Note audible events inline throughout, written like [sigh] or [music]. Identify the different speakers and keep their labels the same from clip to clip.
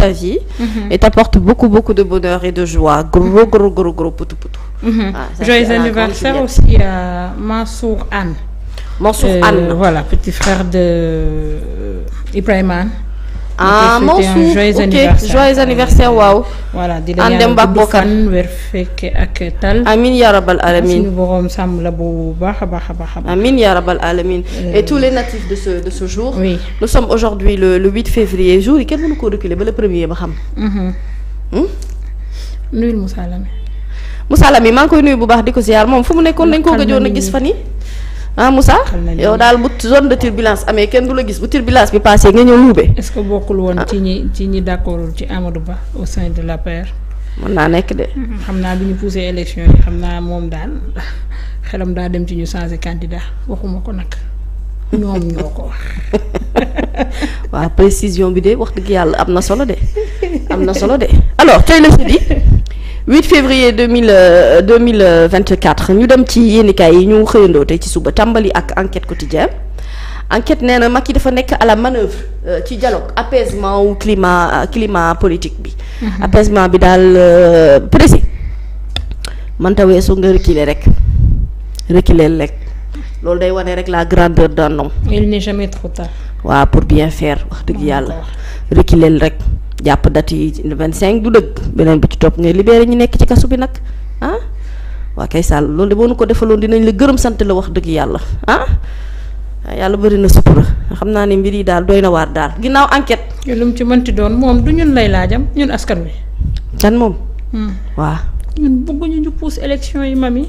Speaker 1: ta vie. Mhm. et t'apporte beaucoup beaucoup de bonheur et de joie gros mhm. gros gros gros poutou poutou.
Speaker 2: Mhm. ah joyeux anniversaire aussi à Mansour Anne. Mansour euh, Anne voilà petit frère de euh, Ibrahima Anne. ah Mansour ok joyeux anniversaire waaw. voilà di la yàlla gudd fan wér fekke ak tal. amiin alamin bu baax a baax a baax. amiin yaa rabal alamin euh, et tous les
Speaker 1: natifs de ce de ce jour. oui nous sommes aujourd'hui le huit février jour yi kenn mënu ko reculer ba le premier ba xam. Mm-hmm. Hmm?
Speaker 2: nuyul Moussa Lamine. Moussa Lamine maa
Speaker 1: ngi koy nuyu bu baax di ko ziar moom fu mu nekkoon dañ koo gëjoon a gis fan yi ah Moussa yow daal bu
Speaker 2: zone de turbulence amee kenn du la gis bu turbulence bi passé nga ñëw luube. est-ce que bokkul woon ah. ci ñi ci ñi d'accordul ci Amadou Ba au sein de l'APR.
Speaker 1: mën naa nekk de.
Speaker 2: Mm-hmm. xam naa bi ñu poussé élection yi xam naa moom daal [laughs] xelam daa dem ci ñu changé candidat waxuma ko nag ñoom ñoo ko wax.
Speaker 1: [laughs] waaw précision bi de wax dëgg yàlla am na solo de am na solo de alors tey la jeudi. [laughs] 8 février 2000 2024 euh, euh, ñu dem ci yéenikaay yi ñu xëyandoo tey ci suba tàmbali ak enquête quotidien enquête nee na yi dafa nekk à la manœuvre euh, ci dialogue apaisement wu climat climat politique bi mhm. apaisement bi daal précis mënta weesu nga reculer rek reculer rek loolu day wane rek la grandeur d'un homme
Speaker 2: il n'est jamais trop
Speaker 1: pour bien faire wax dëgg yàlla reculer rek jàpp date yi le 25 du dëgg beneen bi ci topp ngay libéré ñu nekk ci kasu bi nag ah? waa kay Sall loolu de boo nu ko defaloon dinañ la gërëm sant la wax dëgg yàlla ah, ah yàlla bëri na sutura xam naa ni mbir yi daal doy na waar daal
Speaker 2: ginnaaw enquête. lu mu ci mënti doon moom du ñun lay laajam ñun askan
Speaker 1: wi. kan moom. Hmm. waaa
Speaker 2: ñun bëgguñu ñu pousse élection yi mami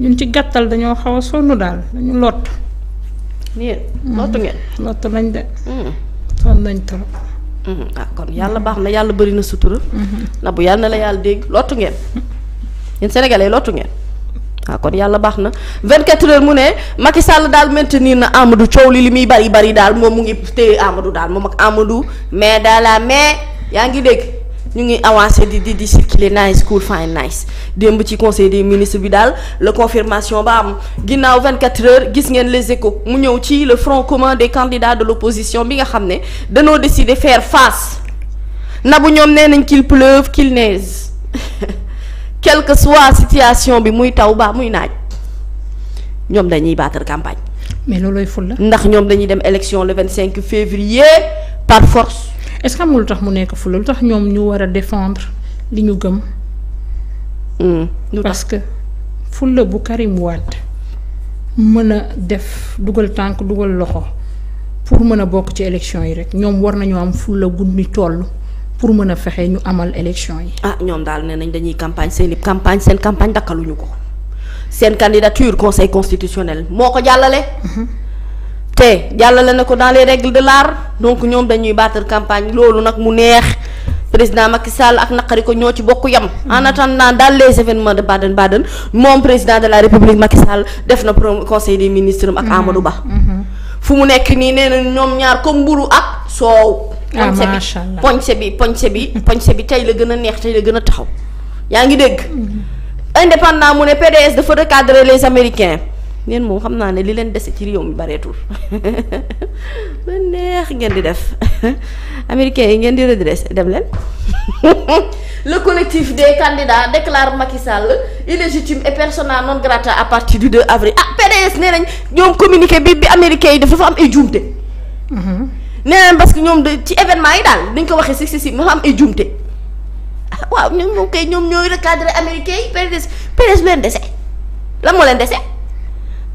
Speaker 2: ñun ci gàttal dañoo xaw sonn daal dañu lott. nii lottu ngeen. Hmm, lottu nañ de. Hmm. sonn nañ trop. Mm-hmm. ah kon yàlla baax na
Speaker 1: yàlla bëri na sutura. Mm-hmm. na bu yàlla na la yàlla dégg lottu ngeen. yéen sénégalais lottu ngeen. waaw ah, kon yàlla baax na 24 heures mu ne Macky Sall daal nii na Amadou coow li li muy bari bari daal moom mu ngi téye Amadou daal moom mag Amadou mais daal la mais yaa ngi dégg. ñu ngi avancé di di di circuler nice cool fine nice démb ci conseil des ministre bi daal la confirmation ba am ginnaaw 24 heures gis ngeen les échos mu ñëw ci le front commun des candidats de l'opposition bi nga xam ne danoo décider faire face na bu ñoom nee nañ qu'il pleuve qu'il neige [laughs] quelque que soit situation bi muy taw ba muy naaj ñoom dañuy battre campagne.
Speaker 2: mais loolooy ful la. ndax ñoom
Speaker 1: dañuy dem élection le 25 février
Speaker 2: par force. est-ce que lu tax mu nekk fula lu tax ñoom ñu war a defendre li ñu gëm. Hmm. parce que bu Karim Wade mën a def dugal tànk dugal loxo pour mën a bokk ci élection yi rek ñoom war nañoo am fula guddi toll. pour mën a fexe ñu amal élection yi.
Speaker 1: ah ñoom daal ne nañ dañuy campagne seen i campagne seen campagne dakkaluñu ko seen candidature conseil constitutionnel moo ko jàllale. Mhm. te jàllale na ko dans les règles de l'art donc ñoom dañuy battre campagne loolu nag mu neex président Macky Sall ak naqari ko ñoo ci bokk yam en attendant daal les événements de Baden-Baden moom président de la République Macky Sall def na pro conseil des ministres ak mm-hmm. Amadou Ba mm-hmm. fu mu nekk nii nee na ñoom ñaar comme mburu ak soow ah, poñse bi poñse bi poñse [laughs] bi poñse bi tey la gën a neex tey la gën a taxaw yaa ngi dégg
Speaker 2: mm-hmm.
Speaker 1: indépendant mu ne PDS dafa recadrer les Américains neen moom xam naa ne li leen dese ci réew mi bareetul [laughs] lu neex ngeen di def [laughs] américains yi ngeen di redresser dem leen [laughs] le collectif des candidats déclare Macky Sall illégitime et persona non grata à partir du 2 avril ah PDS nee communiqué bi bi américains yi dafa am ay juumte mm-hmm. nee nañ parce que ñoom ci événement yi daal dañ ko waxee successif dafa am ay juumte ah waaw ñoom moom kay ñoom ñooy recadrer américains yi PDS PDS lu leen dese lan moo leen dese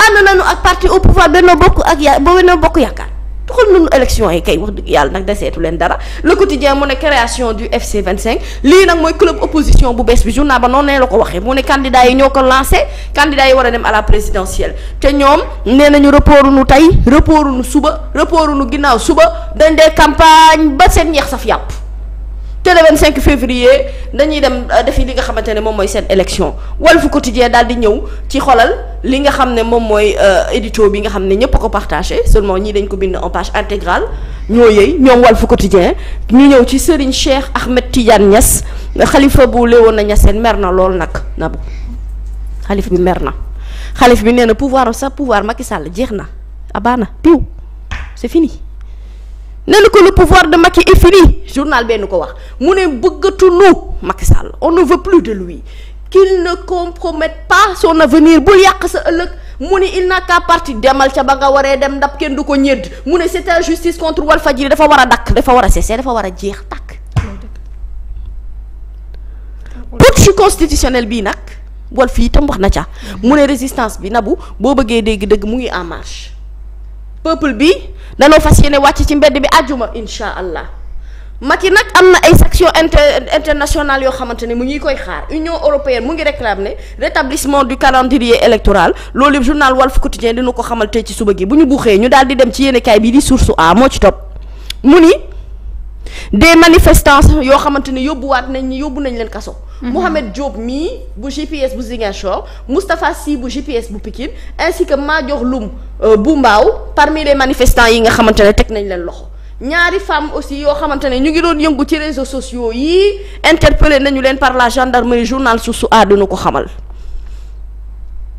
Speaker 1: ànd nañu ak parti au pouvoir Benno Bokk ak ya Benno Bokk Yaakaar toxal nañu élection yi kay wax dëgg yàlla nag deseetu leen dara le quotidien mu ne création du FC 25 lii nag mooy club opposition bu bees bi journal ba noonu ne la ko waxee mu ne candidats yi ñoo ko lancé candidats yi war a dem à la présidentielle te ñoom nee nañu reportu nu tey reportu nu suba reportu nu ginnaaw suba dañ dee campagne ba seen ñeex saf yàpp te le 25 février dañuy dem euh, defi li nga xamante ne moom mooy seen élection Walf Quotidien daal di ñëw ci xolal li nga xam ne moom mooy euh, édito bi nga xam ne ñëpp a ko partagé seulement ñii dañ ko bind en page intégrale ñoo yëy ñoom Walf Quotidien ñu ñëw ci Serigne Cheikh Ahmed Tidiane Niass xalifa bu Léona Niassène mer na lool nag na bu xalif bi mer na xalif bi nee na pouvoir sa pouvoir Macky Sall jeex na abaana piw c'est fini nenu ko le pouvoir de Macky est fini journal benn ko wax mu ne bëggatunu Macky Sall on ne veut plus de lui qu'il ne compromette pas son avenir bul yàq sa ëllëg mu ne il n'a qu'à partir demal ca ba nga waree dem ndax kenn du ko ñedd mu ne c'est injustice contre Walfadjri dafa war a dakk dafa war a cesser dafa war a jeex tàkk putsch constitutionnel bii nag Walf tam wax na ca mu ne résistance bi nabu boo bëggee dégg dëgg mu ngi en marche peuple bi danoo fas yéene wàcc ci mbedd bi àjjuma incha allah Macky nag am na ay saction inter internationales yoo xamante ne mu ngi koy xaar Union européenne mu ngi réclamer rétablissement du calendrier électoral loolu yëpp journal Walf Quotidien nu ko xamal tey ci suba gi bu ñu buuxee ñu daal di dem ci yéenekaay bi di source a moo ci topp mu ni des manifestants yoo xamante ne yóbbuwaat nañ ñu yóbbu nañ leen kaso. Mhm. Mouhamed Diop mii bu GPS bu Ziguinchor Moustapha Sy bu GPS bu Pikine ainsi que Madior Loum euh, bu mbaaw parmi les manifestants yi nga xamante ne teg nañ leen loxo. ñaari femmes aussi yoo xamante ne ñu ngi doon yëngu ci réseau sociaux yi interpellé nañu leen par la gendarmerie journal Source A dina ko xamal.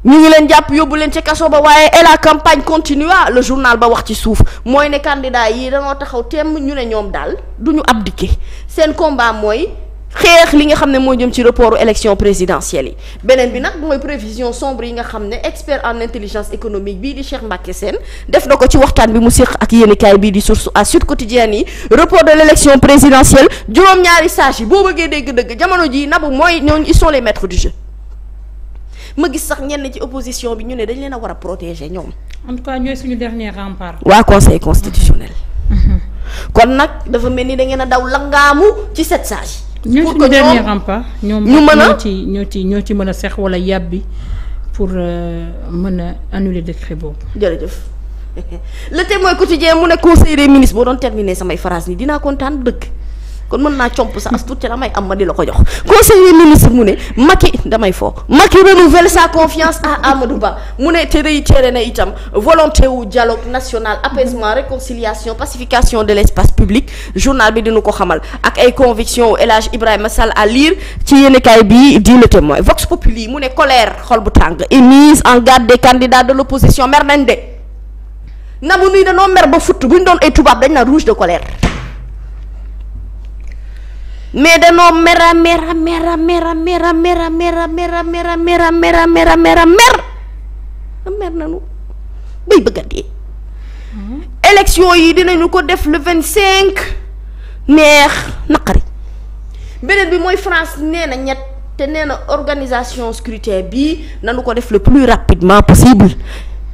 Speaker 1: ñu ngi leen jàpp yóbbu leen ci kaso ba waaye et la campagne continua le journal ba wax ci suuf mooy ne candidat yi dañoo taxaw temm ñu ne ñoom daal du ñu abdiquer seen combat mooy xeex li nga xam ne moo jëm ci reportu élection présidentielle yi beneen bi nag mooy prévision sombre yi nga xam ne expert en intelligence économique bii di Cheikh Mbacké Sène def na ko ci waxtaan bi mu séq ak yéenekaay bii di source à Sud Quotidien yi report de ñaari sages yi boo dëgg jamono jii nabu mooy ñooñu ils sont les maîtres ma gis sax ñenn ci opposition bi ñu ne dañ leen a war a protéger ñoom. en ñooy suñu dernier rempart. waa
Speaker 2: conseil constitutionnel.
Speaker 1: kon nag dafa mel ni da ngeen a daw langaamu ci sept sages. pour que ñoom ñooy suñu dernier rempart. ñoom ñoo
Speaker 2: ci ñoo ci ñoo ci mën a sex wala yàbbi pour euh, mën a annuler décret boobu. jërëjëf. [laughs]
Speaker 1: le témoin quotidien mu ne conseil des ministres boo doon terminer samay phrase ni dinaa kontaan dëkk kon mën naa comp sa as tuut ca damay am ma di la ko jox conseiller ministre mu ne Macky damay foo Macky renouvelle sa confiance à Amadou Ba mu ne te réitéré na itam volonté wu dialogue national apaisement réconciliation pacification de l' espace public journal bi dinu ko xamal ak ay conviction wu El Hadj Ibrahima Sall à lire ci yéenekaay bi di Le Témoin Vox Populi mu ne colère xol bu tàng et mise en garde des candidats de l' opposition mer nañ de namu nuy danoo mer ba futt buñ doon ay tubaab dañ na rouge de colère
Speaker 2: mais danoo mera mera
Speaker 1: mera mera mera mera mera mera mera mera mera mera mera mer mer nanu bay bëgg dee élection yi dinañu ko def le vingt cinq neex naqari beneen bi mooy France nee na ñett te nee na organisation scrutin bi nanu ko def le plus rapidement possible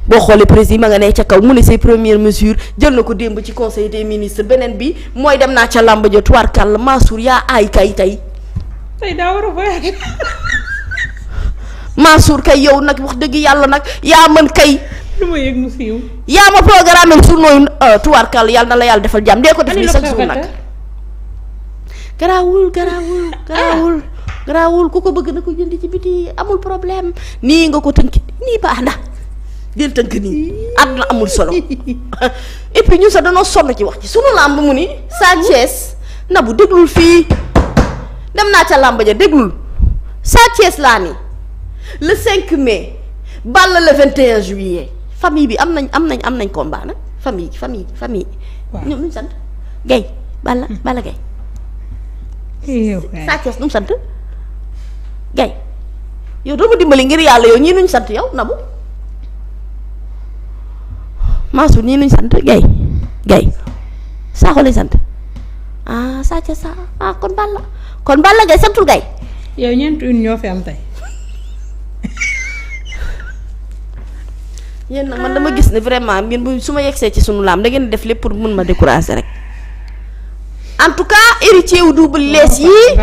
Speaker 1: boo xoolee président ma nga ne ca kaw mu ne say première mesure jël na ko démb ci conseil des ministres beneen bi mooy dem naa ca làmb ja tubaarkàlla Mansour yaa aay kay tey.
Speaker 2: tey [laughs]
Speaker 1: kay yow nag wax dëgg yàlla nag yaa mën kay. lu yaa ma programme am surnooyu euh, tubaarkàlla yàlla na la yàlla defal jàmm dee ko def nii chaque jour nag. garaawul garaawul ah. garaawul. garaawul ku ko bëgg na ko jënd ci biti amul problème nii nga ko tënk nii baax na. del tënk nii àdduna amul solo [laughs] et puis ñun sax danoo sonn ci wax ci sunu làmb mu ni Sa Thiès na bu fii dem naa ca làmb ja déglul Sa Thiès laa ni le 5 mai Balla le 21 juillet famille bi am nañ am nañ am nañ combat nag famille famille famille ñoom ñu sant Gaye Balla hmm. Balla Gaye Sa Thiès nu mu sant Gaye yow doo dimbali ngir yàlla yow ñii nuñ sant yow Nabou Mansour nii luñ sant gay gay saaxo lañ sant
Speaker 2: ah saa ca saa ah kon Balla kon Balla gay santul gay yow ñeenti une ñoo fi am tey.
Speaker 1: yéen man dama gis ne vraiment ngeen bu su ma yegsee ci sunu laam da ngeen def lépp pour mun ma décourager rek en tout cas héritier wu double lees yii.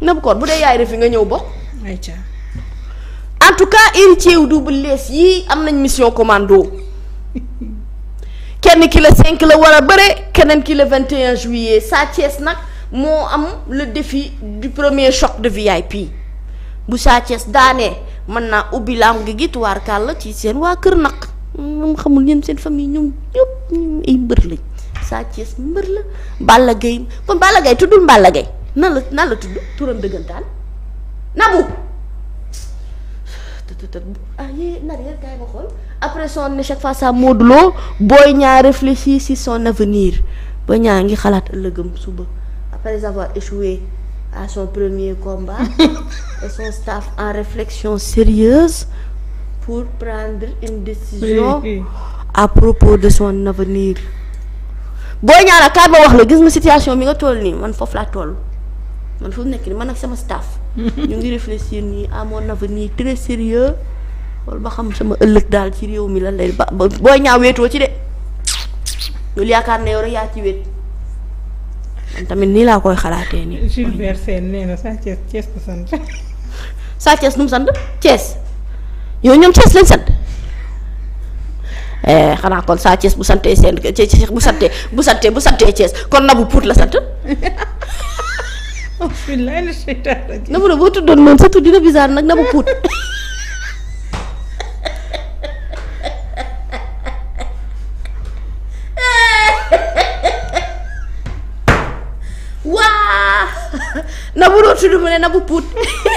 Speaker 1: nabu koon bu dee yaay refi nga ñëw bokk. en tout cas héritier wu lees yii am nañ mission commando. kenn ki la cinq la war a bëre keneen ki le 21 juillet Sa Thiès nag moo am le defi du premier choc de VIP bu Sa Thiès daanee mën naa ubbi lamb gi gi tuwaarkaal la ci seen waa kër nag ñoom xamul ñoom seen famille ñëw ñëpp ay mbër lañ Sa Thiès mbër la Balla Gaye kon Balla Gaye tuddul Balla Gaye nan la nan la tudd turam dëggantaan Nabou tëtëtët ah yéen nar yéen kaay ma xool après son ngi xalaat ëllëgëm suba après son premier combat [laughs] et son staff en réflexion sérieuse pour prendre une de son avenir Boy Niang kaay ma wax la gis nga situation bi nga toll nii man foofu laa toll man fu nekk nii man ak sama staff. [laughs] ñu ngi réfléchir nii à mon avenir très sérieux wala ba xam sama ëllëg daal ci réew mi lan lay ba booy ñaaw wéetoo ci de loolu yaakaar na yow rek yaa ci wéet tamit nii laa koy
Speaker 2: xalaatee nii. Gilbert Sène nee na Sa Thiès sant. [laughs]
Speaker 1: Sa Thiès nu mu sant Thiès yow ñoom Thiès lañ sant eh, xanaa kon Sa Thiès bu santee seen bu santee bu santee bu santee Thiès kon nabu puut la sant. [laughs]
Speaker 2: Nabou boo tuddoon
Speaker 1: noonu sa tur dina bizarre nag Nabou Pout. [laughs] waa Nabou doo tudd mu ne Nabou Pout. [laughs]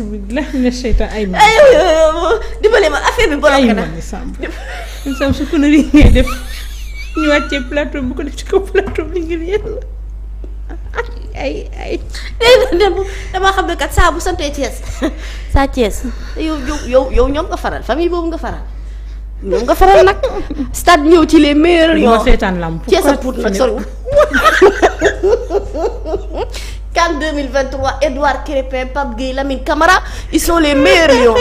Speaker 2: auzu billaahi mina sheytaani ay man affaire bi borom na li ngay def ñu wàccee plateau ne
Speaker 1: kat bu santee Thiès saa Thiès yow yow yow ñoom nga faral famille boobu nga faral ñoom nga faral nag stade ñëw ci les meilleurs. ñoo seetaan lamb Thiès ak nag soriwul [laughs] CAN 2023 Edouard Crépin Pape Gueye Lamine Camara ils sont les meilleurs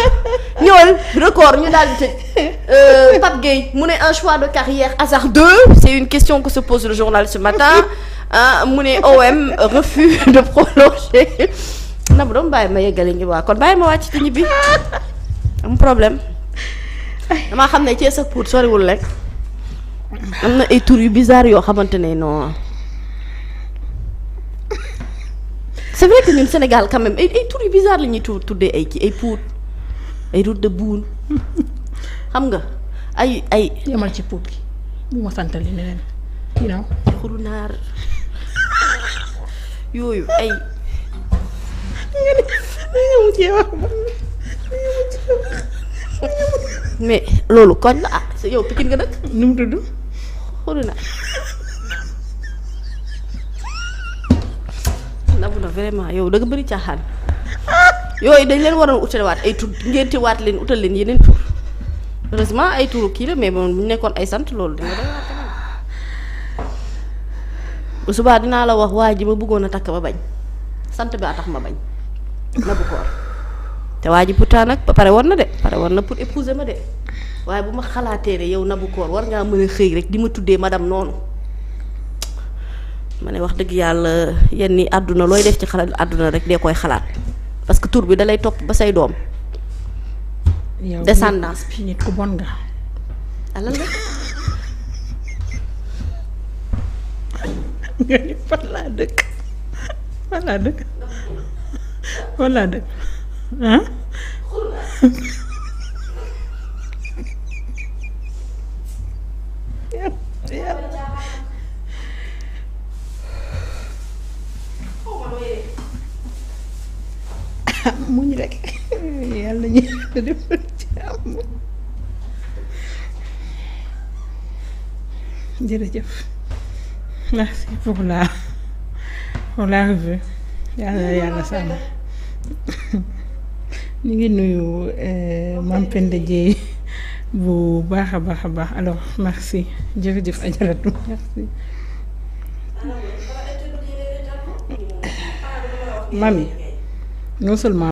Speaker 1: record ñu daal di tëj euh, Pape mu ne un choix de carrière hasardeux c'est une question que se pose le journal ce matin ah, mu ne OM refus de prolonger na bu bàyyi ma yeggale ngi waa kon bàyyi ma wàcc ci ñibbi am problème damaa xam ne Thiès ak Pout soriwul rek am na ay tour yu bizarre yoo xamante ne non. c'est vrai que ñun Sénégal quand ay ay tur yu bizarre la ñuy tuddee ay ay puut ay route de buun
Speaker 2: xam nga ay ay. yemal ci puut gi bu ma santal li neneen you know xuru
Speaker 1: yooyu ay. mais loolu koñ la ah yow Pikine nga dëkk. nu mu tudd xuru man na vraiment yow da nga bëri caaxaan yooyu dañ leen waroon utalewaat ay tur ngeen teewaat leen utal leen yeneen tur heureusement ay turu kii la mais moom bu nekkoon ay sant loolu da nga waat tamit subaa dinaa la wax waa ji ma bëggoon a takk ma bañ sant bi a tax ma bañ na koor te waa ji pourtant nag pare woon na de pare woon na pour épouser ma de waaye bu ma xalaatee ne yow na bu koor war ngaa mën a xëy rek di ma tuddee ma madame noonu. ma ne wax dëgg yàlla yenn ni àdduna looy def ci xalaat àdduna rek de koy xalaat parce que tur bi dalay topp ba say doom.
Speaker 2: descendance bi nit ku bon nga. alal ah, nga. nga dëkk fan dëkk ko defal jàmm jërëjëf merci pour la pour la revue yàlla na yàlla sàmm ñu ngi nuyu euh, Mame Penda Dieye bu baax a baax a baax alors merci jërëjëf ajaratu merci mami non seulement